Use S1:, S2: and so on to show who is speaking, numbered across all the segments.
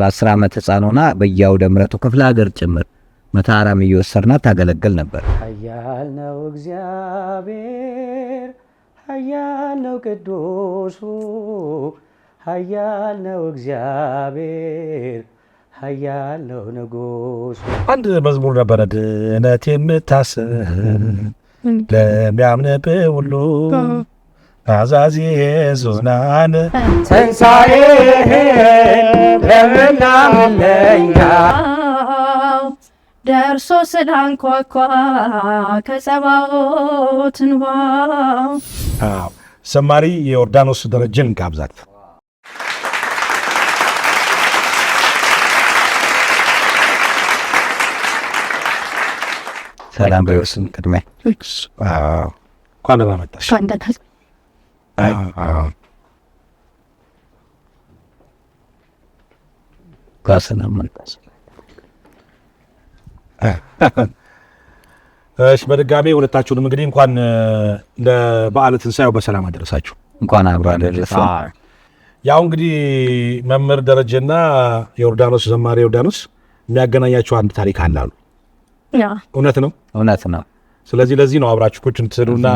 S1: በአስር ዓመት ህፃን ሆና በየአውደ ምሕረቱ ክፍለ ሀገር ጭምር መታራም እየወሰድናት ታገለግል ነበር።
S2: ኃያል ነው እግዚአብሔር፣ ኃያል ነው ቅዱሱ፣ ኃያል ነው እግዚአብሔር፣ ኃያል ነው ንጉሱ።
S1: አንድ መዝሙር ነበረ ድነት የምታስብ ለሚያምንብህ ሁሉ አዛዜ ዙናን
S2: ትንሣኤህን ለምናምለኛ ደርሶ ስላንኳኳ ከጸባኦት እንባ
S1: ሰማሪ የዮርዳኖስ ደረጀን ጋብዛት። ሰላም በርስም ቅድሚያ እንኳን ደህና እሺ በድጋሜ ሁለታችሁንም እንግዲህ እንኳን ለበዓለ ትንሣኤው በሰላም አደረሳችሁ። እንኳን አብሮ አደረሰ። ያው እንግዲህ መምህር ደረጀና ዮርዳኖስ ዘማሪ ዮርዳኖስ የሚያገናኛችሁ አንድ ታሪክ አላሉ እውነት ነው፣ እውነት ነው። ስለዚህ ለዚህ ነው አብራችሁ ቁጭ እንትሉና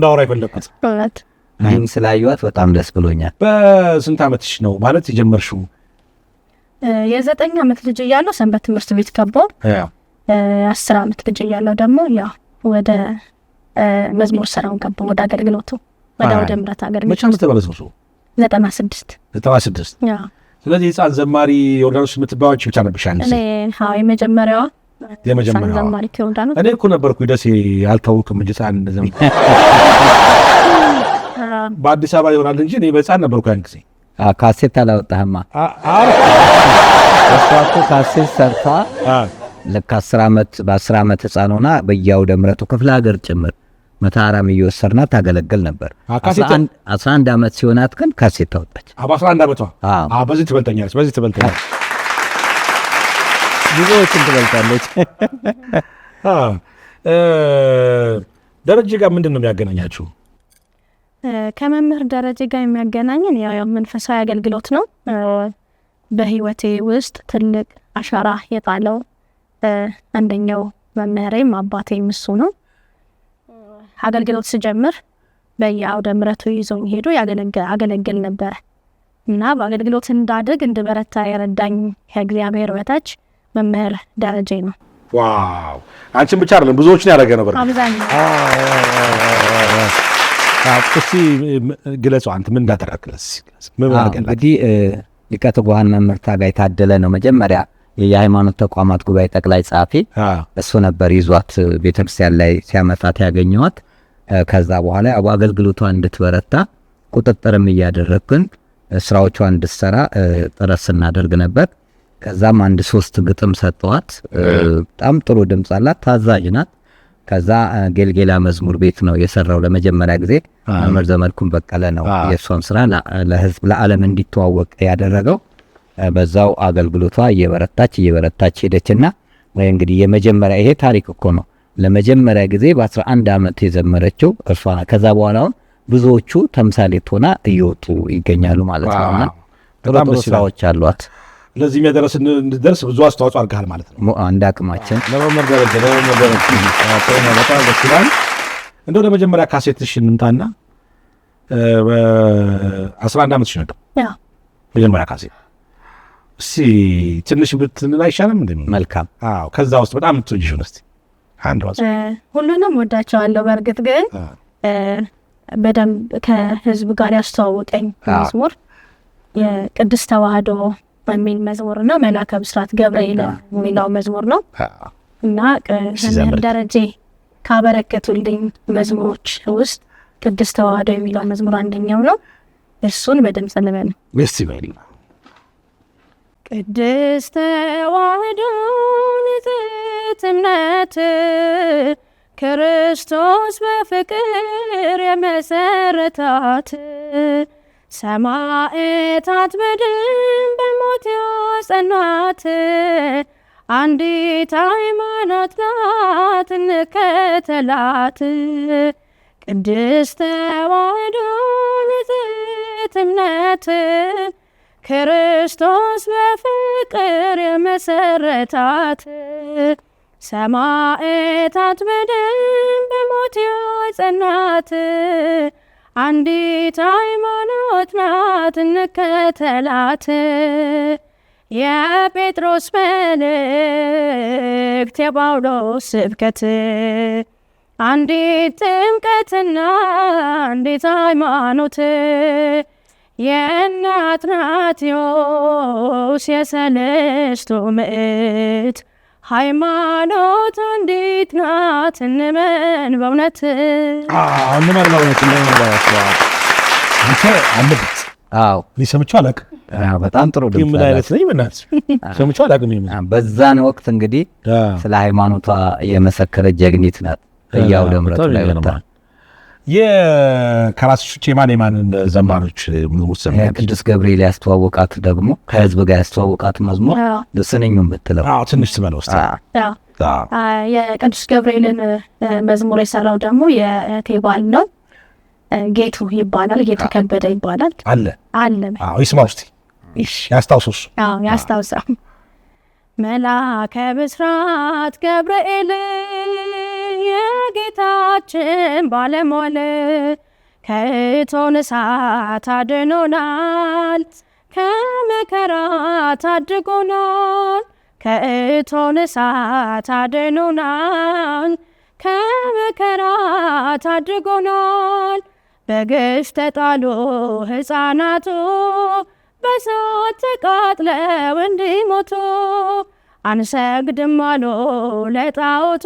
S1: እንዳወራ የፈለኩት። ይህም ስላየኋት በጣም ደስ ብሎኛል። በስንት ዓመትሽ ነው ማለት የጀመርሽው?
S2: የዘጠኝ ዓመት ልጅ እያለሁ ሰንበት ትምህርት ቤት ገባሁ። አስር ዓመት ልጅ እያለሁ ደግሞ ያው ወደ መዝሙር ስራውን ገባሁ፣ ወደ አገልግሎቱ ወደ ወደ ምረት አገልግሎት። መቼ ዘጠና ስድስት
S1: ዘጠና ስድስት ስለዚህ የህፃን ዘማሪ ዮርዳኖስ የምትባዎች ብቻ ነብሻ
S2: የመጀመሪያዋ
S1: የመጀመሪያዋ። እኔ እኮ ነበርኩ ደሴ አልታወቅም እንጂ ህፃን ዘማሪ በአዲስ አበባ ይሆናል እንጂ እኔ በህፃን ነበርኩ ያን ጊዜ። ካሴት አላወጣህማ? እሷ እኮ ካሴት ሰርታ ልክ አስር ዓመት በአስር ዓመት ህፃን ሆና በየአውደ ምሕረቱ ክፍለ ሀገር ጭምር መታራም እየወሰድናት ታገለግል ነበር። አስራ አንድ ዓመት ሲሆናት ግን ካሴት ታወጣች። በአስራ አንድ ዓመቷ በዚህ ትበልጠኛለች፣ በዚህ ትበልጠኛለች፣ ብዙዎችን ትበልጣለች። ደረጀ ጋር ምንድን ነው የሚያገናኛችሁ?
S2: ከመምህር ደረጀ ጋር የሚያገናኝን ያው መንፈሳዊ አገልግሎት ነው። በህይወቴ ውስጥ ትልቅ አሻራ የጣለው አንደኛው መምህሬም አባቴ ምሱ ነው። አገልግሎት ስጀምር በየአውደ ምረቱ ይዞኝ ሄዶ አገለግል ነበረ እና በአገልግሎት እንዳድግ እንድበረታ የረዳኝ ከእግዚአብሔር በታች መምህር ደረጀ ነው።
S1: ዋው! አንቺን ብቻ አይደለም ብዙዎችን ያደረገ ነው። እስቲ ግለጹ። አንተ ምን እንዳደረግለስ እንግዲህ ሊቀት ጓህና ምርታ ጋር የታደለ ነው። መጀመሪያ የሃይማኖት ተቋማት ጉባኤ ጠቅላይ ጸሐፊ እሱ ነበር ይዟት ቤተክርስቲያን ላይ ሲያመጣት ያገኘዋት። ከዛ በኋላ አገልግሎቷ እንድትበረታ ቁጥጥርም እያደረግን ስራዎቿ እንድትሰራ ጥረት ስናደርግ ነበር። ከዛም አንድ ሶስት ግጥም ሰጠዋት። በጣም ጥሩ ድምፅ አላት። ታዛዥ ናት። ከዛ ጌልጌላ መዝሙር ቤት ነው የሰራው ለመጀመሪያ ጊዜ። አመር ዘመድኩን በቀለ ነው የእሷን ስራ ለህዝብ ለዓለም እንዲተዋወቅ ያደረገው። በዛው አገልግሎቷ እየበረታች እየበረታች ሄደችና ወይ እንግዲህ የመጀመሪያ ይሄ ታሪክ እኮ ነው። ለመጀመሪያ ጊዜ በ11 ዓመት የዘመረችው እርሷ። ከዛ በኋላ ብዙዎቹ ተምሳሌት ሆና እየወጡ ይገኛሉ ማለት ነውና ጥሩ ስራዎች አሏት። ለዚህም ያደረስ እንድደርስ ብዙ አስተዋጽኦ አድርገሃል ማለት ነው። እንደ አቅማችን ለመመር ደረጀ ለመመር ደረጀ በጣም ደስ ይላል። እንደው ለመጀመሪያ ካሴትሽ እንምታና አስራ አንድ ዓመትሽ ነው መጀመሪያ ካሴት እስኪ ትንሽ ብትንል አይሻልም? እንደ መልካም አዎ። ከዛ ውስጥ በጣም ትጅሽ ነስቲ አንድ ዋጽ
S2: ሁሉንም ወዳቸዋለሁ። በእርግጥ ግን በደንብ ከህዝብ ጋር ያስተዋወቀኝ መዝሙር የቅድስት ተዋህዶ በሚል መዝሙር እና መልአከ ብስራት ገብርኤል የሚለው መዝሙር ነው እና መምህር ደረጀ ካበረከቱልኝ መዝሙሮች ውስጥ ቅድስት ተዋህዶ የሚለው መዝሙር አንደኛው ነው። እሱን በድምፅ ልበል። ቅድስት ተዋህዶ ንጽሕት እምነት ክርስቶስ በፍቅር የመሰረታት ሰማዕታት በደም በሞት ያጸኗት አንዲት ሃይማኖት ናት እንከተላት። ቅድስት ተዋሕዶ ንጽሕት እምነት ክርስቶስ በፍቅር የመሰረታት ሰማዕታት በደም በሞት ያጸኗት አንዲት ሃይማኖት ናት እንከተላት። የጴጥሮስ መልእክት፣ የጳውሎስ ስብከት፣ አንዲት ጥምቀትና አንዲት ሃይማኖት የእናትናትዮስ የሰለስቱ ምእት ሃይማኖት እንዴት ናት? እንመን በእውነት
S1: እንመን በእውነት አለበት። ሰምቼው አላቅ በጣም ጥሩ ምን አይነት ነኝ? ሰምቹ አላቅ አላውቅም። በዛን ወቅት እንግዲህ ስለ ሃይማኖቷ የመሰከረች ጀግኒት ናት። እያው ደምረቱ ላይ ወጣ የከራስሽ የማን የማንን ዘማሪዎች ቅዱስ ገብርኤል ያስተዋወቃት ደግሞ ከህዝብ ጋር ያስተዋወቃት መዝሙር ስንኙ ምትለው ትንሽ ትበለ ውስጥ
S2: የቅዱስ ገብርኤልን መዝሙር የሰራው ደግሞ የቴባል ነው። ጌቱ ይባላል። ጌቱ ከበደ ይባላል። አለ አለ
S1: ይስማ ውስ ያስታውሱስ
S2: ያስታውሳ መላከ ብስራት ገብርኤል የጌታችን ባለሟል ከእቶን እሳት አድኖናል፣ ከመከራ ታድጎናል። ከእቶን እሳት አድኖናል፣ ከመከራ ታድጎናል። በግፍ ተጣሉ ሕፃናቱ በሳት ተቃጥለው እንዲሞቱ አንሰግድም አሉ ለጣዖቱ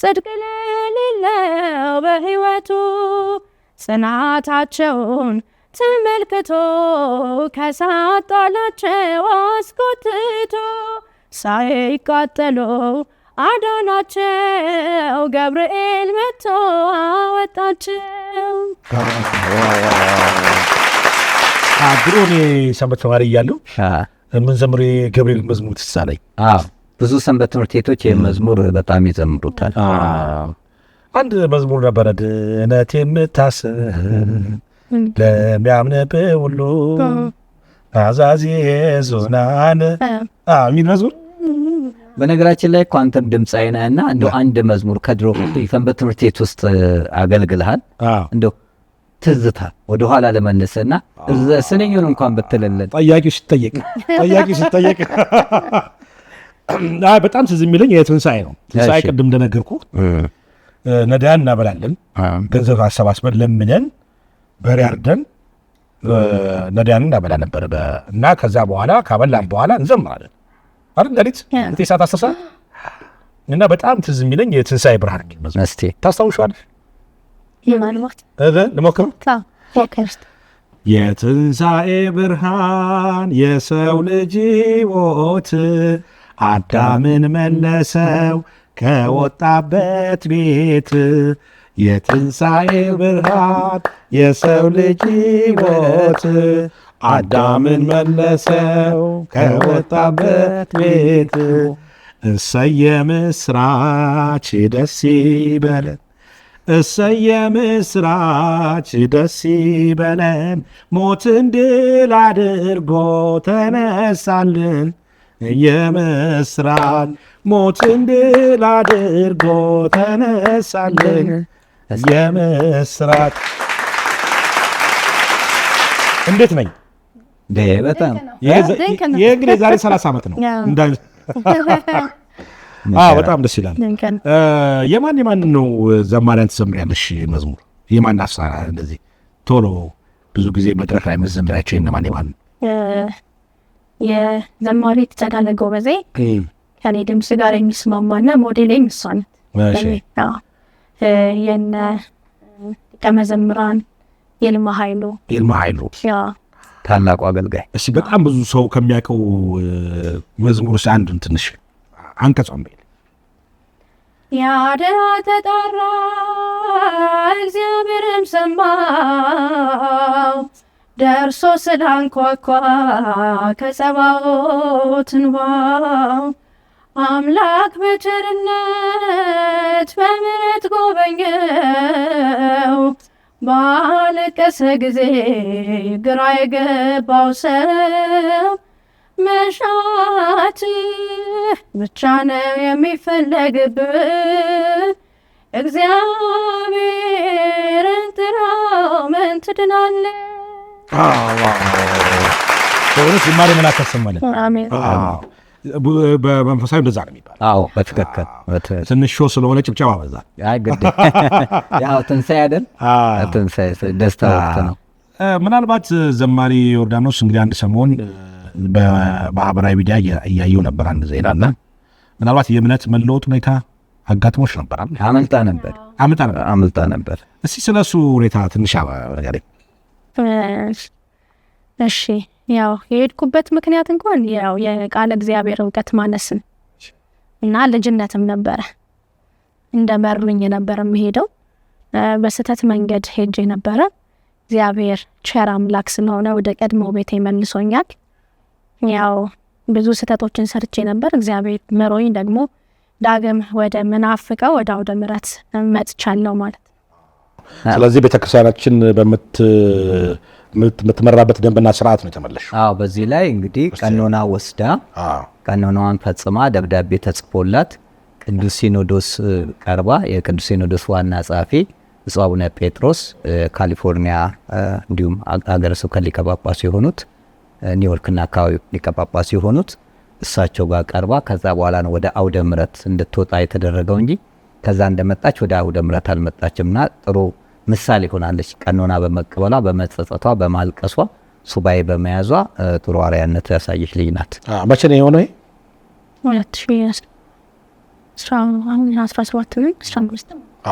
S2: ጽድቅ ለሌለው በሕይወቱ ጽናታቸውን ተመልክቶ ከሳጣላቸው አስቆጥቶ ሳይቃጠሉ አዳናቸው ገብርኤል መጥቶ አወጣቸው።
S1: ድሮ እኔ ሰንበት ተማሪ እያለሁ ምን ዘምሬ ገብርኤል መዝሙር ትሳለኝ ብዙ ሰንበት ትምህርት ቤቶች ይህ መዝሙር በጣም ይዘምሩታል። አንድ መዝሙር ነበረ ድነት የምታስ ለሚያምንብ ሁሉ አዛዚ ዞናን ሚል መዝሙር። በነገራችን ላይ እኮ አንተም ድምፃዊ ነህ እና እንደው አንድ መዝሙር ከድሮ ሰንበት ትምህርት ቤት ውስጥ አገልግልሃል እንደ ትዝታ ወደኋላ ለመለሰ ለመለሰና ስለኛውን እንኳን ብትልልን ጠያቂው ሲጠየቅ ጠያቂው ሲጠየቅ አይ በጣም ትዝ የሚለኝ የትንሣኤ ነው። ትንሣኤ ቅድም እንደነገርኩ ነዳያን እናበላለን፣ ገንዘብ አሰባስበን ለምነን በሬ አርደን ነዳያን እናበላ ነበር እና ከዛ በኋላ ካበላን በኋላ እንዘምራለን አይደል ዳሊት እንቴ ሰዓት አስር ሰዓት እና በጣም ትዝ የሚለኝ የትንሣኤ ብርሃን የሚል መዝሙር ታስታውሻለሽ? ልሞክር የትንሣኤ ብርሃን የሰው ልጅ ወት አዳምን መለሰው ከወጣበት ቤት የትንሣኤ ብርሃን የሰው ልጅ ሕይወት አዳምን መለሰው ከወጣበት ቤት። እሰየ ምስራች ደስ ይበለን፣ እሰየ ምስራች ደስ ይበለን፣ ሞትን ድል አድርጎ ተነሳልን። የመስራን ሞትን ድል አድርጎ ተነሳልን የመስራት እንዴት ነኝ? በጣም ይህ እንግዲህ የዛሬ 30 ዓመት ነው። በጣም ደስ ይላል። የማን የማን ነው ዘማሪያን ትዘምሪያለሽ? መዝሙር የማን አሳ እንደዚህ ቶሎ ብዙ ጊዜ መድረክ ላይ መዘምሪያቸው የነማን የማን ነው?
S2: የዘማሪ የተጸዳለ ጎበዜ ከኔ ድምፅ ጋር የሚስማማና ሞዴሌም እሷ
S1: ናት።
S2: የነ ቀመዘምራን የልማ ኃይሉ
S1: የልማ ኃይሉ ታላቁ አገልጋይ። እሺ፣ በጣም ብዙ ሰው ከሚያውቀው መዝሙሮች አንዱን ትንሽ አንቀጿም በል።
S2: የአደራ ተጣራ እግዚአብሔርም ሰማው ደርሶ ስላንኳኳ ከጸባዖት እንባው አምላክ በቸርነት በምሕረት ጎበኘው። ባለቀሰ ጊዜ ግራ የገባው ሰው መሻትህ ብቻ ነው የሚፈለግብ እግዚአብሔርን ጥራው ምን ትድናለህ?
S1: በእውነት ዝማሬ መልአክ ያሰማልን። በመንፈሳዊ እንደዛ ነው የሚባል። በትክክል ትንሾ ስለሆነ ጭብጨባ በዛ ትንሣኤ አይደል? ትንሣኤ ደስታ ወቅት ነው። ምናልባት ዘማሪ ዮርዳኖስ እንግዲህ አንድ ሰሞን በማህበራዊ ሚዲያ እያየው ነበር አንድ ዜናና ምናልባት የእምነት መለወጥ ሁኔታ አጋጥሞች ነበር። አምልጣ ነበር አምልጣ ነበር። እስቲ ስለ እሱ ሁኔታ ትንሽ ነገር
S2: እሺ ያው የሄድኩበት ምክንያት እንኳን ያው የቃለ እግዚአብሔር እውቀት ማነስም እና ልጅነትም ነበረ እንደ መሩኝ ነበር የሚሄደው በስህተት መንገድ ሄጄ ነበረ። እግዚአብሔር ቸር አምላክ ስለሆነ ወደ ቀድሞ ቤት መልሶኛል። ያው ብዙ ስህተቶችን ሰርቼ ነበር። እግዚአብሔር መሮኝ ደግሞ ዳግም ወደ ምናፍቀው ወደ አውደ ምረት መጥቻለው ማለት
S1: ስለዚህ ቤተክርስቲያናችን በምትመራበት ደንብና ስርዓት ነው የተመለሽ። አዎ በዚህ ላይ እንግዲህ ቀኖና ወስዳ ቀኖናዋን ፈጽማ ደብዳቤ ተጽፎላት ቅዱስ ሲኖዶስ ቀርባ የቅዱስ ሲኖዶስ ዋና ጸሐፊ ብፁዕ አቡነ ጴጥሮስ ካሊፎርኒያ እንዲሁም አገረ ስብከት ሊቀ ጳጳስ የሆኑት ኒውዮርክና አካባቢ ሊቀ ጳጳስ የሆኑት እሳቸው ጋር ቀርባ ከዛ በኋላ ነው ወደ አውደ ምረት እንድትወጣ የተደረገው እንጂ ከዛ እንደመጣች ወደ አውደ ምረት አልመጣችምና ጥሩ ምሳሌ ሆናለች። ቀኖና በመቀበሏ፣ በመጸጸቷ፣ በማልቀሷ፣ ሱባኤ በመያዟ ጥሩ አርያነት ያሳየች ልጅ ናት። መቼ ነው የሆነው?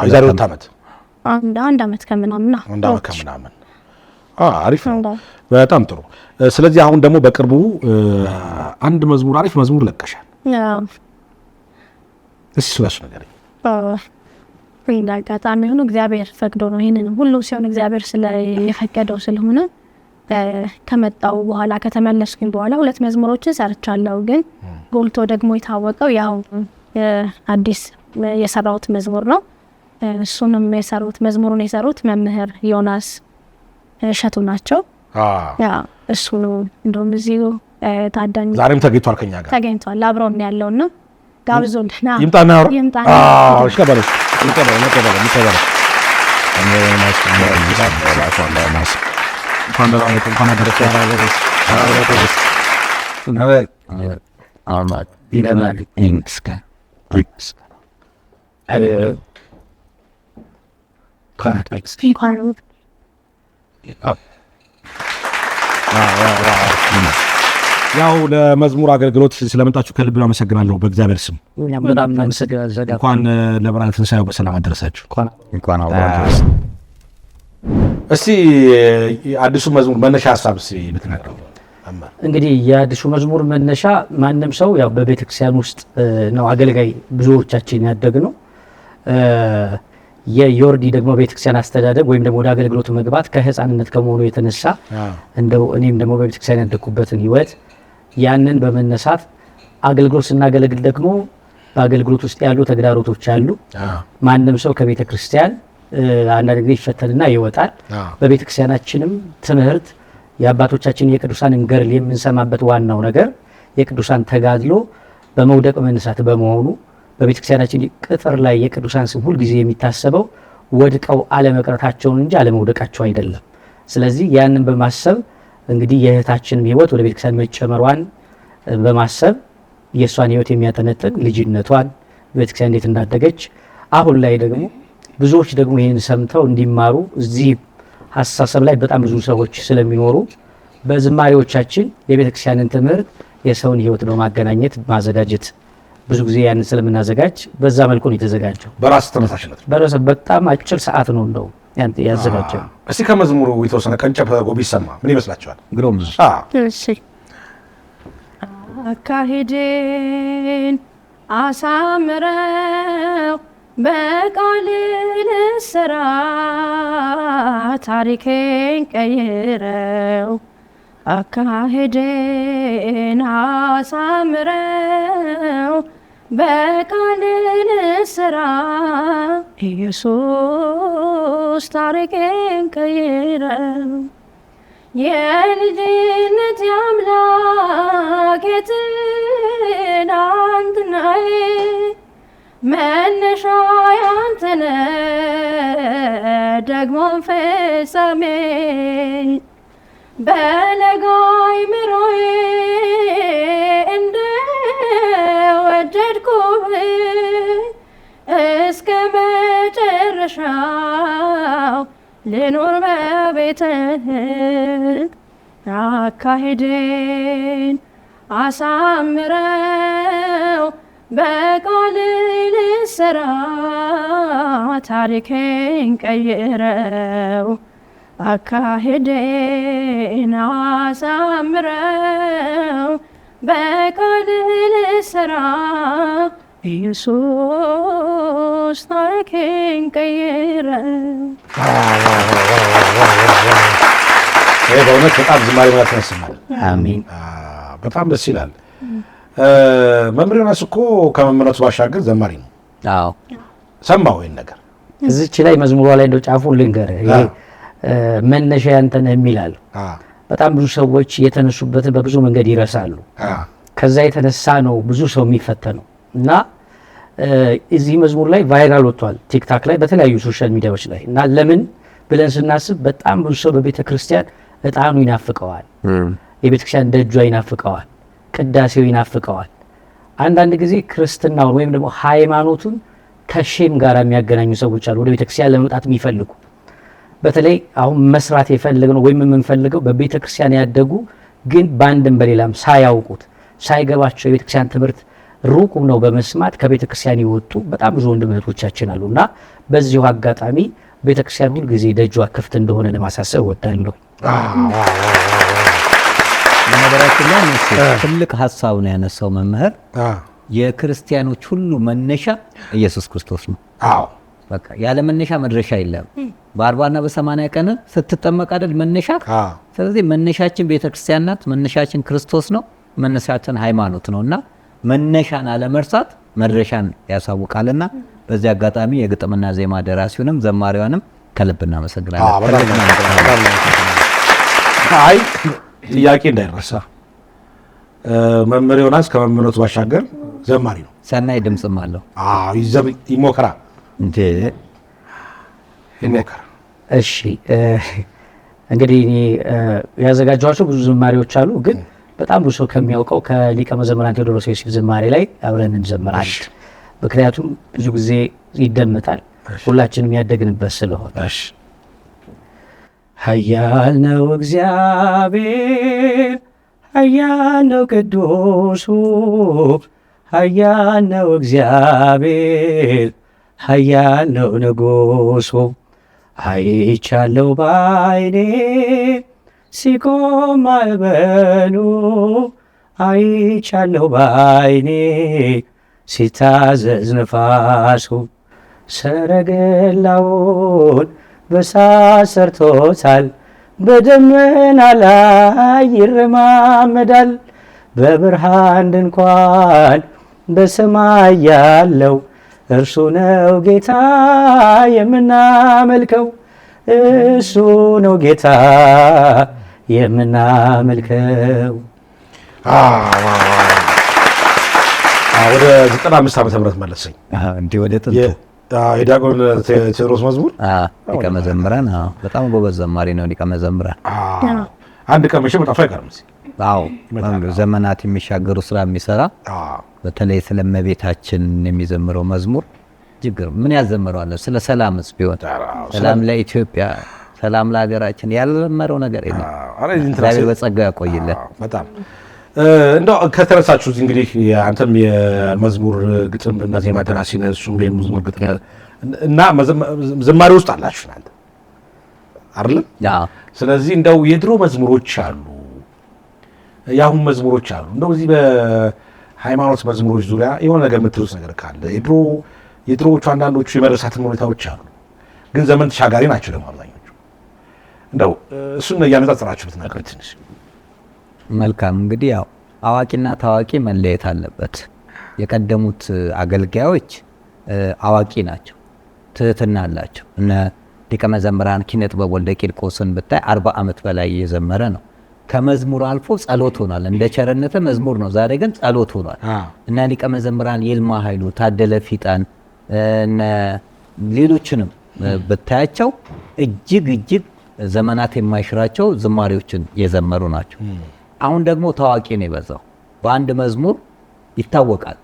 S1: የዛሬ ሁለት ዓመት
S2: አንድ ዓመት ከምናምን
S1: አንድ ዓመት ከምናምን አሪፍ ነው። በጣም ጥሩ። ስለዚህ አሁን ደግሞ በቅርቡ አንድ መዝሙር አሪፍ መዝሙር ለቀሻል። እሱ ነገር
S2: እንደ አጋጣሚ ሆኖ እግዚአብሔር ፈቅዶ ነው። ይህንን ሁሉ ሲሆን እግዚአብሔር ስለየፈቀደው ስለሆነ ከመጣው በኋላ ከተመለስኩኝ በኋላ ሁለት መዝሙሮችን ሰርቻለሁ። ግን ጎልቶ ደግሞ የታወቀው ያው አዲስ የሰራሁት መዝሙር ነው። እሱንም የሰሩት መዝሙሩን የሰሩት መምህር ዮናስ እሸቱ ናቸው። እሱ ነው እንደውም እዚሁ ታዳኝ
S1: ዛሬም ተገኝቷል፣ ከኛ ጋር
S2: ተገኝቷል። አብረውን ያለውና ጋብዞን ና
S1: ይምጣ ናሮ ይቀበሉ ይቀበሉ ይቀበሉ ይቀበሉ እንኳን ያው ለመዝሙር አገልግሎት ስለመጣችሁ ከልብ አመሰግናለሁ። በእግዚአብሔር ስም እንኳን ለብርሃነ ትንሣኤው በሰላም አደረሳችሁ። እስቲ አዲሱ መዝሙር መነሻ ሀሳብ ብትነግረው። እንግዲህ የአዲሱ መዝሙር መነሻ ማንም ሰው ያው በቤተክርስቲያን ውስጥ ነው አገልጋይ ብዙዎቻችን ያደግ ነው የዮርዲ ደግሞ ቤተክርስቲያን አስተዳደግ ወይም ደግሞ ወደ አገልግሎት መግባት ከህፃንነት ከመሆኑ የተነሳ እንደው እኔም ደግሞ በቤተክርስቲያን ያደግኩበትን ህይወት ያንን በመነሳት አገልግሎት ስናገለግል ደግሞ በአገልግሎት ውስጥ ያሉ ተግዳሮቶች አሉ። ማንም ሰው ከቤተ ክርስቲያን አንዳንድ ጊዜ ይፈተንና ይወጣል። በቤተ ክርስቲያናችንም ትምህርት የአባቶቻችን የቅዱሳንን ገድል የምንሰማበት ዋናው ነገር የቅዱሳን ተጋድሎ በመውደቅ መነሳት በመሆኑ በቤተ ክርስቲያናችን ቅጥር ላይ የቅዱሳን ስም ሁልጊዜ የሚታሰበው ወድቀው አለመቅረታቸውን እንጂ አለመውደቃቸው አይደለም። ስለዚህ ያንን በማሰብ እንግዲህ የእህታችንም ህይወት ወደ ቤተክርስቲያን መጨመሯን በማሰብ የእሷን ህይወት የሚያጠነጥን ልጅነቷን ቤተክርስቲያን እንዴት እንዳደገች አሁን ላይ ደግሞ ብዙዎች ደግሞ ይህን ሰምተው እንዲማሩ እዚህ አስተሳሰብ ላይ በጣም ብዙ ሰዎች ስለሚኖሩ በዝማሬዎቻችን የቤተክርስቲያንን ትምህርት የሰውን ህይወት በማገናኘት ማዘጋጀት ብዙ ጊዜ ያንን ስለምናዘጋጅ በዛ መልኩ ነው የተዘጋጀው። በራስ ተነሳሽነት በጣም አጭር ሰዓት ነው እንደው ያዘጋጀው። እስቲ ከመዝሙሩ የተወሰነ ቀንጨብ ተደርጎ ቢሰማ ምን ይመስላችኋል? ግሮም
S2: አካሄዴን አሳምረው በቃል ልስራ ታሪኬን ቀይረው አካሄዴን አሳምረው በቃል ልስራ ኢየሱስ ሶስት ታሪኬን ቀይረው የልጅነት አምላክ የትናንትናዬ መነሻ ያንተነ ደግሞ ፍጻሜ በለጋይ ምሮዬ መጨረሻው ልኖር በቤትህ አካሄድን አሳምረው በቃል ልሰራ ታሪኬን ቀይረው አካሄድን አሳምረው በቃል ልሰራ ኢየሱስ ታሪኬን ቀየረ።
S1: በእውነት በጣም ዝማሬ ማለት ያሰማል። አሜን። በጣም ደስ ይላል። መምህር ዮናስ እኮ ከመምህራቱ ባሻገር ዘማሪ ነው። አዎ ሰማሁ ይህን ነገር። እዚች ላይ መዝሙሯ ላይ እንደው ጫፉን ልንገርህ፣ መነሻ ያንተ ነህ የሚላል በጣም ብዙ ሰዎች የተነሱበትን በብዙ መንገድ ይረሳሉ። ከዛ የተነሳ ነው ብዙ ሰው የሚፈተነው እና እዚህ መዝሙር ላይ ቫይራል ወጥቷል፣ ቲክታክ ላይ በተለያዩ ሶሻል ሚዲያዎች ላይ እና ለምን ብለን ስናስብ በጣም ብዙ ሰው በቤተ ክርስቲያን እጣኑ ይናፍቀዋል፣ የቤተ ክርስቲያን ደጇ ይናፍቀዋል፣ ቅዳሴው ይናፍቀዋል። አንዳንድ ጊዜ ክርስትናውን ወይም ደግሞ ሃይማኖቱን ከሼም ጋር የሚያገናኙ ሰዎች አሉ፣ ወደ ቤተ ክርስቲያን ለመምጣት የሚፈልጉ በተለይ አሁን መስራት የፈለግነው ወይም የምንፈልገው በቤተ ክርስቲያን ያደጉ ግን በአንድም በሌላም ሳያውቁት ሳይገባቸው የቤተክርስቲያን ትምህርት ሩቁም ነው በመስማት ከቤተ ክርስቲያን የወጡ በጣም ብዙ ወንድም እህቶቻችን አሉ እና በዚሁ አጋጣሚ ቤተ ክርስቲያን ጊዜ ደጇ ክፍት እንደሆነ ለማሳሰብ እወዳለሁ። ነገራችን ላይ ትልቅ ሀሳብ ነው ያነሳው መምህር። የክርስቲያኖች ሁሉ መነሻ ኢየሱስ ክርስቶስ ነው። በቃ ያለ መነሻ መድረሻ የለም። በአርባና በሰማንያ ቀን ስትጠመቅ አይደል መነሻ። ስለዚህ መነሻችን ቤተክርስቲያን ናት። መነሻችን ክርስቶስ ነው። መነሻችን ሃይማኖት ነው እና መነሻን አለመርሳት መድረሻን ያሳውቃልና በዚህ አጋጣሚ የግጥምና ዜማ ደራሲውንም ዘማሪዋንም ከልብ እናመሰግናለን። አይ ጥያቄ እንዳይረሳ መምህር ዮናስ ከመምህርነቱ ባሻገር ዘማሪ ነው። ሰናይ ድምፅም አለው። ይሞከራል እንዴ? እሺ እንግዲህ እኔ ያዘጋጀኋቸው ብዙ ዘማሪዎች አሉ ግን በጣም ብዙ ሰው ከሚያውቀው ከሊቀ መዘምራን ቴዎድሮስ ዮሴፍ ዝማሬ ላይ አብረን እንዘምር አንድ። ምክንያቱም ብዙ ጊዜ ይደመጣል፣ ሁላችንም ያደግንበት ስለሆነ። ኃያል ነው እግዚአብሔር፣ ኃያል ነው ቅዱሱ፣ ኃያል ነው እግዚአብሔር፣ ኃያል ነው ንጉሱ። አይቻለው ባይኔ ሲቆም ማዕበሉ አይቻለው ባይኔ ሲታዘዝ ነፋሱ ሰረገላውን በሳት ሰርቶታል። በደመና ላይ ይረማመዳል በብርሃን ድንኳን በሰማይ ያለው እርሱ ነው ጌታ የምናመልከው እሱ ነው ጌታ የምናመልከው። ወደ አምስት ዓመተ ምህረት መለሰኝ እንዲህ ወደ ጥንቱ የዲያቆን ቴዎድሮስ መዝሙር ሊቀ መዘምራን በጣም ጎበዝ ዘማሪ ነው። ሊቀ መዘምራን አንድ ቀን መቼም መጣፉ አይቀርም። ዘመናት የሚሻገሩ ስራ የሚሰራ በተለይ ስለ እመቤታችን የሚዘምረው መዝሙር ችግር ምን ያዘምረዋለን? ስለ ሰላምስ ቢሆን ሰላም ለኢትዮጵያ ሰላም ለሀገራችን ያልለመደው ነገር የለም። በጸጋ ያቆይለን። በጣም እንደው ከተነሳችሁት እንግዲህ አንተም የመዝሙር ግጥም እና ዜማ ደራሲ ነህ፣ እሱም የመዝሙር ግጥም እና ዝማሬ ውስጥ አላችሁ እናንተ አይደለም? ስለዚህ እንደው የድሮ መዝሙሮች አሉ፣ የአሁን መዝሙሮች አሉ። እንደው እዚህ በሃይማኖት መዝሙሮች ዙሪያ የሆነ ነገር የምትሉት ነገር ካለ የድሮ የድሮዎቹ አንዳንዶቹ የመረሳትን ሁኔታዎች አሉ፣ ግን ዘመን ተሻጋሪ ናቸው ደግሞ አብዛኛው እንደው እሱን እያነጻጸራችሁት ነገር ትንሽ መልካም። እንግዲህ ያው አዋቂና ታዋቂ መለየት አለበት። የቀደሙት አገልጋዮች አዋቂ ናቸው፣ ትህትና አላቸው። እነ ሊቀ መዘምራን ኪነጥበብ ወልደ ቂርቆስን ብታይ አርባ ዓመት በላይ እየዘመረ ነው። ከመዝሙር አልፎ ጸሎት ሆኗል። እንደ ቸርነተ መዝሙር ነው፣ ዛሬ ግን ጸሎት ሆኗል። እና ሊቀ መዘምራን ይልማ ኃይሉ፣ ታደለ ፊጣን፣ ሌሎችንም ብታያቸው እጅግ እጅግ ዘመናት የማይሽራቸው ዝማሬዎችን የዘመሩ ናቸው። አሁን ደግሞ ታዋቂ ነው የበዛው። በአንድ መዝሙር ይታወቃል።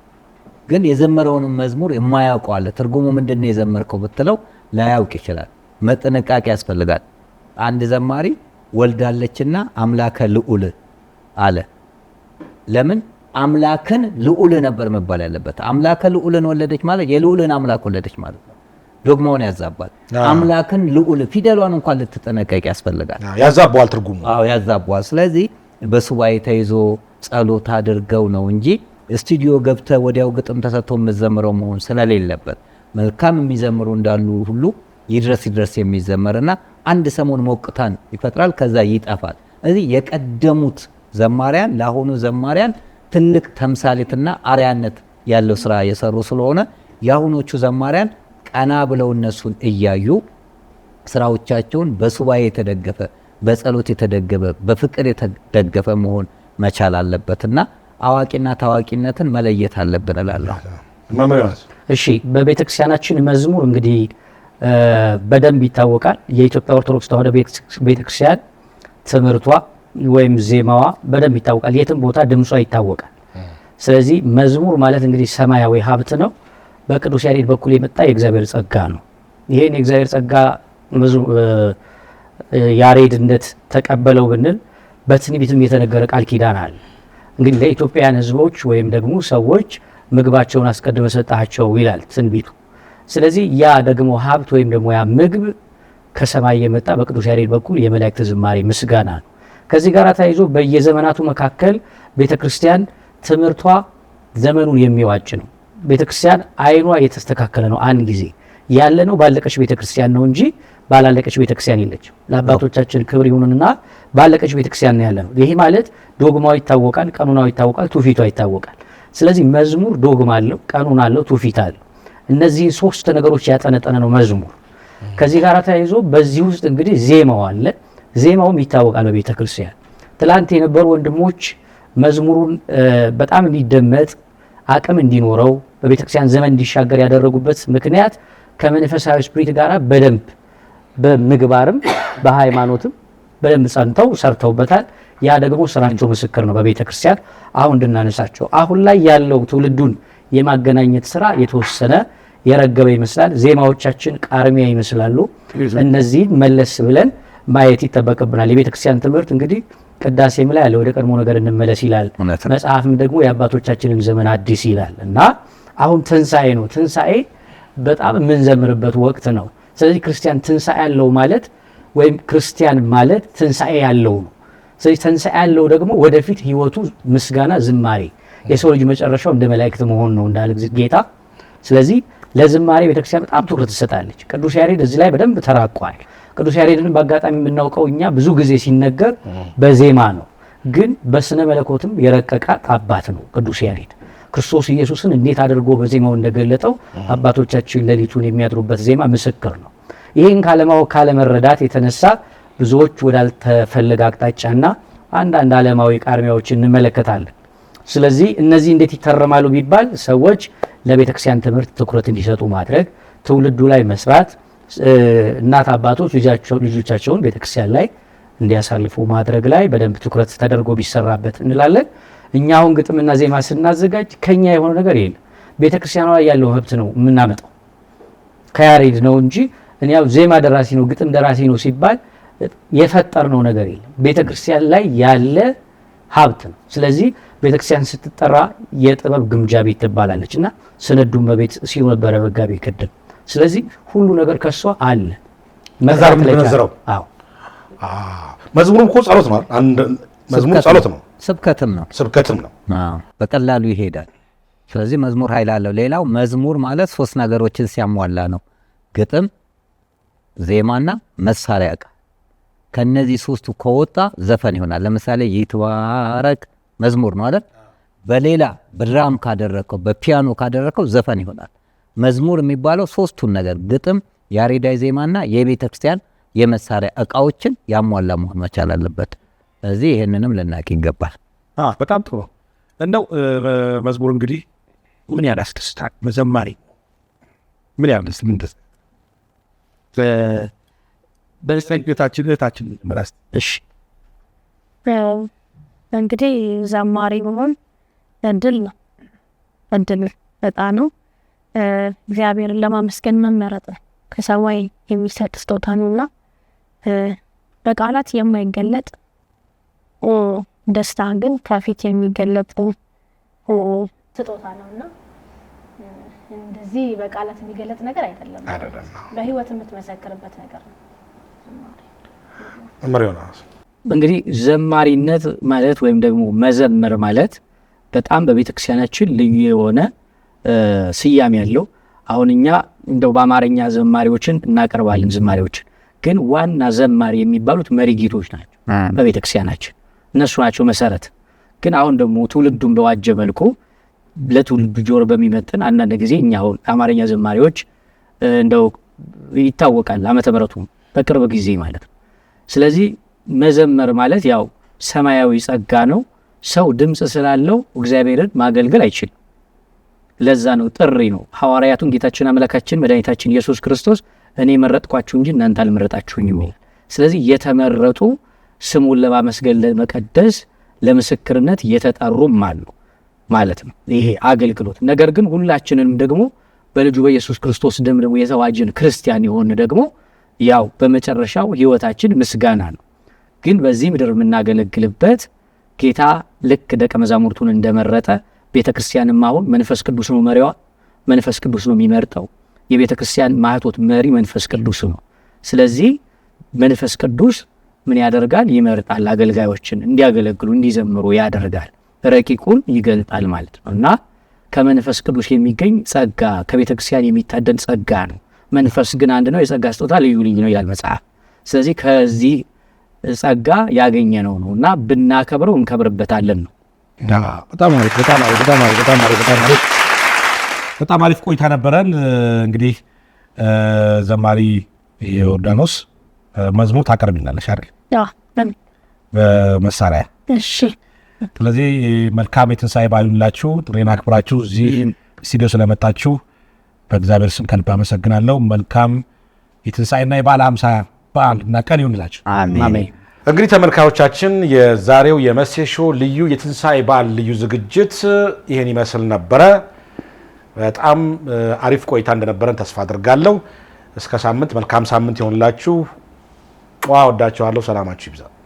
S1: ግን የዘመረውንም መዝሙር የማያውቀው አለ። ትርጉሙ ምንድን ነው የዘመርከው ብትለው ላያውቅ ይችላል። መጥንቃቄ ያስፈልጋል። አንድ ዘማሪ ወልዳለችና አምላከ ልዑል አለ። ለምን አምላክን ልዑል ነበር መባል ያለበት። አምላከ ልዑልን ወለደች ማለት የልዑልን አምላክ ወለደች ማለት ዶግማውን ያዛባል። አምላክን ልዑል ፊደሏን እንኳን ልትጠነቀቅ ያስፈልጋል። ያዛቧል፣ ትርጉሙ ያዛቧል። ስለዚህ በሱባኤ ተይዞ ጸሎት አድርገው ነው እንጂ ስቱዲዮ ገብተ ወዲያው ግጥም ተሰጥቶ የምዘምረው መሆን ስለሌለበት መልካም የሚዘምሩ እንዳሉ ሁሉ ይድረስ ይድረስ የሚዘመርና አንድ ሰሞን ሞቅታን ይፈጥራል፣ ከዛ ይጠፋል። እዚህ የቀደሙት ዘማሪያን ለአሁኑ ዘማሪያን ትልቅ ተምሳሌትና አርያነት ያለው ስራ የሰሩ ስለሆነ የአሁኖቹ ዘማሪያን ቀና ብለው እነሱን እያዩ ስራዎቻቸውን በሱባኤ የተደገፈ በጸሎት የተደገፈ በፍቅር የተደገፈ መሆን መቻል አለበትና አዋቂና ታዋቂነትን መለየት አለብን እላለሁ። እሺ፣ በቤተ ክርስቲያናችን መዝሙር እንግዲህ በደንብ ይታወቃል። የኢትዮጵያ ኦርቶዶክስ ተዋሕዶ ቤተ ክርስቲያን ትምህርቷ ወይም ዜማዋ በደንብ ይታወቃል። የትም ቦታ ድምጿ ይታወቃል። ስለዚህ መዝሙር ማለት እንግዲህ ሰማያዊ ሀብት ነው። በቅዱስ ያሬድ በኩል የመጣ የእግዚአብሔር ጸጋ ነው። ይህን የእግዚአብሔር ጸጋ ያሬድነት ተቀበለው ብንል በትንቢትም የተነገረ ቃል ኪዳን አለ። እንግዲህ ለኢትዮጵያውያን ሕዝቦች ወይም ደግሞ ሰዎች ምግባቸውን አስቀድመ ሰጣቸው ይላል ትንቢቱ። ስለዚህ ያ ደግሞ ሀብት ወይም ደግሞ ያ ምግብ ከሰማይ የመጣ በቅዱስ ያሬድ በኩል የመላእክት ዝማሬ ምስጋና ነው። ከዚህ ጋር ተያይዞ በየዘመናቱ መካከል ቤተ ክርስቲያን ትምህርቷ ዘመኑን የሚዋጭ ነው። ቤተክርስቲያን አይኗ የተስተካከለ ነው። አንድ ጊዜ ያለ ነው ባለቀች ቤተክርስቲያን ነው እንጂ ባላለቀች ቤተክርስቲያን የለችም። ለአባቶቻችን ክብር ይሁንና ባለቀች ቤተክርስቲያን ነው ያለ ነው። ይሄ ማለት ዶግማው ይታወቃል፣ ቀኑናው ይታወቃል፣ ትውፊቷ ይታወቃል። ስለዚህ መዝሙር ዶግማ አለው፣ ቀኑን አለው፣ ትውፊት አለው። እነዚህ ሶስት ነገሮች ያጠነጠነ ነው መዝሙር። ከዚህ ጋር ተያይዞ በዚህ ውስጥ እንግዲህ ዜማው አለ። ዜማውም ይታወቃል በቤተክርስቲያን። ትላንት የነበሩ ወንድሞች መዝሙሩን በጣም የሚደመጥ አቅም እንዲኖረው በቤተክርስቲያን ዘመን እንዲሻገር ያደረጉበት ምክንያት ከመንፈሳዊ ስፕሪት ጋር በደንብ በምግባርም በሃይማኖትም በደንብ ጸንተው ሰርተውበታል። ያ ደግሞ ስራቸው ምስክር ነው በቤተክርስቲያን አሁን እንድናነሳቸው አሁን ላይ ያለው ትውልዱን የማገናኘት ስራ የተወሰነ የረገበ ይመስላል። ዜማዎቻችን ቃርሚያ ይመስላሉ። እነዚህን መለስ ብለን ማየት ይጠበቅብናል። የቤተክርስቲያን ትምህርት እንግዲህ ቅዳሴም ላይ ያለ ወደ ቀድሞ ነገር እንመለስ ይላል። መጽሐፍም ደግሞ የአባቶቻችንን ዘመን አዲስ ይላል እና አሁን ትንሣኤ ነው። ትንሣኤ በጣም የምንዘምርበት ወቅት ነው። ስለዚህ ክርስቲያን ትንሣኤ ያለው ማለት ወይም ክርስቲያን ማለት ትንሣኤ ያለው ነው። ስለዚህ ትንሣኤ ያለው ደግሞ ወደፊት ህይወቱ ምስጋና፣ ዝማሬ የሰው ልጅ መጨረሻው እንደ መላእክት መሆን ነው እንዳለ ጌታ። ስለዚህ ለዝማሬ ቤተክርስቲያን በጣም ትኩረት ትሰጣለች። ቅዱስ ያሬድ እዚህ ላይ በደንብ ተራቋል። ቅዱስ ያሬድን በአጋጣሚ የምናውቀው እኛ ብዙ ጊዜ ሲነገር በዜማ ነው። ግን በስነ መለኮትም የረቀቃት አባት ነው ቅዱስ ያሬድ። ክርስቶስ ኢየሱስን እንዴት አድርጎ በዜማው እንደገለጠው አባቶቻችን ሌሊቱን የሚያድሩበት ዜማ ምስክር ነው። ይህን ካለማወቅ ካለመረዳት የተነሳ ብዙዎች ወዳልተፈለገ አቅጣጫና አንዳንድ ዓለማዊ ቃርሚያዎች እንመለከታለን። ስለዚህ እነዚህ እንዴት ይተረማሉ ቢባል ሰዎች ለቤተክርስቲያን ትምህርት ትኩረት እንዲሰጡ ማድረግ፣ ትውልዱ ላይ መስራት እናት አባቶች ልጆቻቸውን ቤተክርስቲያን ላይ እንዲያሳልፉ ማድረግ ላይ በደንብ ትኩረት ተደርጎ ቢሰራበት እንላለን። እኛ አሁን ግጥምና ዜማ ስናዘጋጅ ከኛ የሆነ ነገር የለም። ቤተክርስቲያኗ ላይ ያለው መብት ነው የምናመጣው ከያሬድ ነው እንጂ እኔ ያው ዜማ ደራሲ ነው ግጥም ደራሲ ነው ሲባል የፈጠርነው ነገር የለም። ቤተክርስቲያን ላይ ያለ ሀብት ነው። ስለዚህ ቤተክርስቲያን ስትጠራ የጥበብ ግምጃ ቤት ትባላለች እና ስነዱን በቤት ሲሉ ነበረ መጋቤ ስለዚህ ሁሉ ነገር ከሷ አለ። መዝሙሩም እኮ ጸሎት ነው። መዝሙር ጸሎት ነው፣ ስብከትም ነው፣ ስብከትም ነው። በቀላሉ ይሄዳል። ስለዚህ መዝሙር ኃይል አለው። ሌላው መዝሙር ማለት ሶስት ነገሮችን ሲያሟላ ነው፣ ግጥም፣ ዜማና መሳሪያ ዕቃ። ከነዚህ ሶስቱ ከወጣ ዘፈን ይሆናል። ለምሳሌ ይትባረክ መዝሙር ነው አይደል? በሌላ በድራም ካደረከው በፒያኖ ካደረከው ዘፈን ይሆናል። መዝሙር የሚባለው ሶስቱን ነገር ግጥም፣ ያሬዳዊ ዜማና የቤተ ክርስቲያን የመሳሪያ እቃዎችን ያሟላ መሆን መቻል አለበት። ስለዚህ ይህንንም ልናቅ ይገባል። በጣም ጥሩ እንደው መዝሙር እንግዲህ ምን ያህል አስደስታል? መዘማሪ ምን ያህል ደስ ምንደስ በስታችን እህታችን መራስ እሺ እንግዲህ ዘማሪ መሆን እድል ነው እድል በጣም ነው እግዚአብሔርን ለማመስገን መመረጥ ነው። ከሰማይ የሚሰጥ ስጦታ ነው እና በቃላት የማይገለጥ ደስታ ግን ከፊት የሚገለጡ ስጦታ ነውና እንደዚህ በቃላት የሚገለጥ ነገር አይደለም። በህይወት የምትመሰክርበት ነገር ነው። እንግዲህ ዘማሪነት ማለት ወይም ደግሞ መዘመር ማለት በጣም በቤተክርስቲያናችን ልዩ የሆነ ስያሜ ያለው አሁን እኛ እንደው በአማርኛ ዘማሪዎችን እናቀርባለን። ዘማሪዎችን ግን ዋና ዘማሪ የሚባሉት መሪጌቶች ናቸው በቤተክርስቲያናችን እነሱ ናቸው መሰረት። ግን አሁን ደግሞ ትውልዱን በዋጀ መልኩ ለትውልዱ ጆሮ በሚመጥን አንዳንድ ጊዜ እኛ አሁን አማርኛ ዘማሪዎች እንደው ይታወቃል። ዓመተ ምሕረቱ በቅርብ ጊዜ ማለት ነው። ስለዚህ መዘመር ማለት ያው ሰማያዊ ጸጋ ነው። ሰው ድምፅ ስላለው እግዚአብሔርን ማገልገል አይችልም። ለዛ ነው ጥሪ ነው። ሐዋርያቱን ጌታችን አምላካችን መድኃኒታችን ኢየሱስ ክርስቶስ እኔ መረጥኳችሁ እንጂ እናንተ አልመረጣችሁኝም ይላል። ስለዚህ የተመረጡ ስሙን ለማመስገን ለመቀደስ፣ ለምስክርነት የተጠሩም አሉ ማለት ነው ይሄ አገልግሎት። ነገር ግን ሁላችንንም ደግሞ በልጁ በኢየሱስ ክርስቶስ ደም ደግሞ የተዋጅን ክርስቲያን የሆን ደግሞ ያው በመጨረሻው ህይወታችን ምስጋና ነው። ግን በዚህ ምድር የምናገለግልበት ጌታ ልክ ደቀ መዛሙርቱን እንደመረጠ ቤተ ክርስቲያንም አሁን መንፈስ ቅዱስ ነው መሪዋ፣ መንፈስ ቅዱስ ነው የሚመርጠው። የቤተ ክርስቲያን ማህቶት መሪ መንፈስ ቅዱስ ነው። ስለዚህ መንፈስ ቅዱስ ምን ያደርጋል? ይመርጣል። አገልጋዮችን እንዲያገለግሉ እንዲዘምሩ ያደርጋል። ረቂቁን ይገልጣል ማለት ነው እና ከመንፈስ ቅዱስ የሚገኝ ጸጋ ከቤተ ክርስቲያን የሚታደል ጸጋ ነው። መንፈስ ግን አንድ ነው። የጸጋ ስጦታ ልዩ ልዩ ነው ይላል መጽሐፍ። ስለዚህ ከዚህ ጸጋ ያገኘ ነው ነው እና ብናከብረው እንከብርበታለን ነው በጣም አሪፍ በጣም አሪፍ በጣም አሪፍ በጣም አሪፍ በጣም አሪፍ በጣም አሪፍ ቆይታ ነበረን። እንግዲህ ዘማሪ ዮርዳኖስ መዝሙር ታቀርብልናለሽ አይደል? በመሳሪያ እሺ። ስለዚህ መልካም የትንሣኤ በዓል ይሁንላችሁ። ጥሬን አክብራችሁ እዚህ ስቱዲዮ ስለመጣችሁ በእግዚአብሔር ስም ከልብ አመሰግናለሁ። መልካም የትንሣኤና የበዓለ ሃምሳ በዓልና ቀን ይሁንላችሁ። አሜን። እንግዲህ ተመልካዮቻችን የዛሬው የመሴ ሾው ልዩ የትንሣኤ በዓል ልዩ ዝግጅት ይህን ይመስል ነበረ። በጣም አሪፍ ቆይታ እንደነበረን ተስፋ አድርጋለሁ። እስከ ሳምንት መልካም ሳምንት ይሆንላችሁ። ዋ ወዳችኋለሁ። ሰላማችሁ ይብዛል።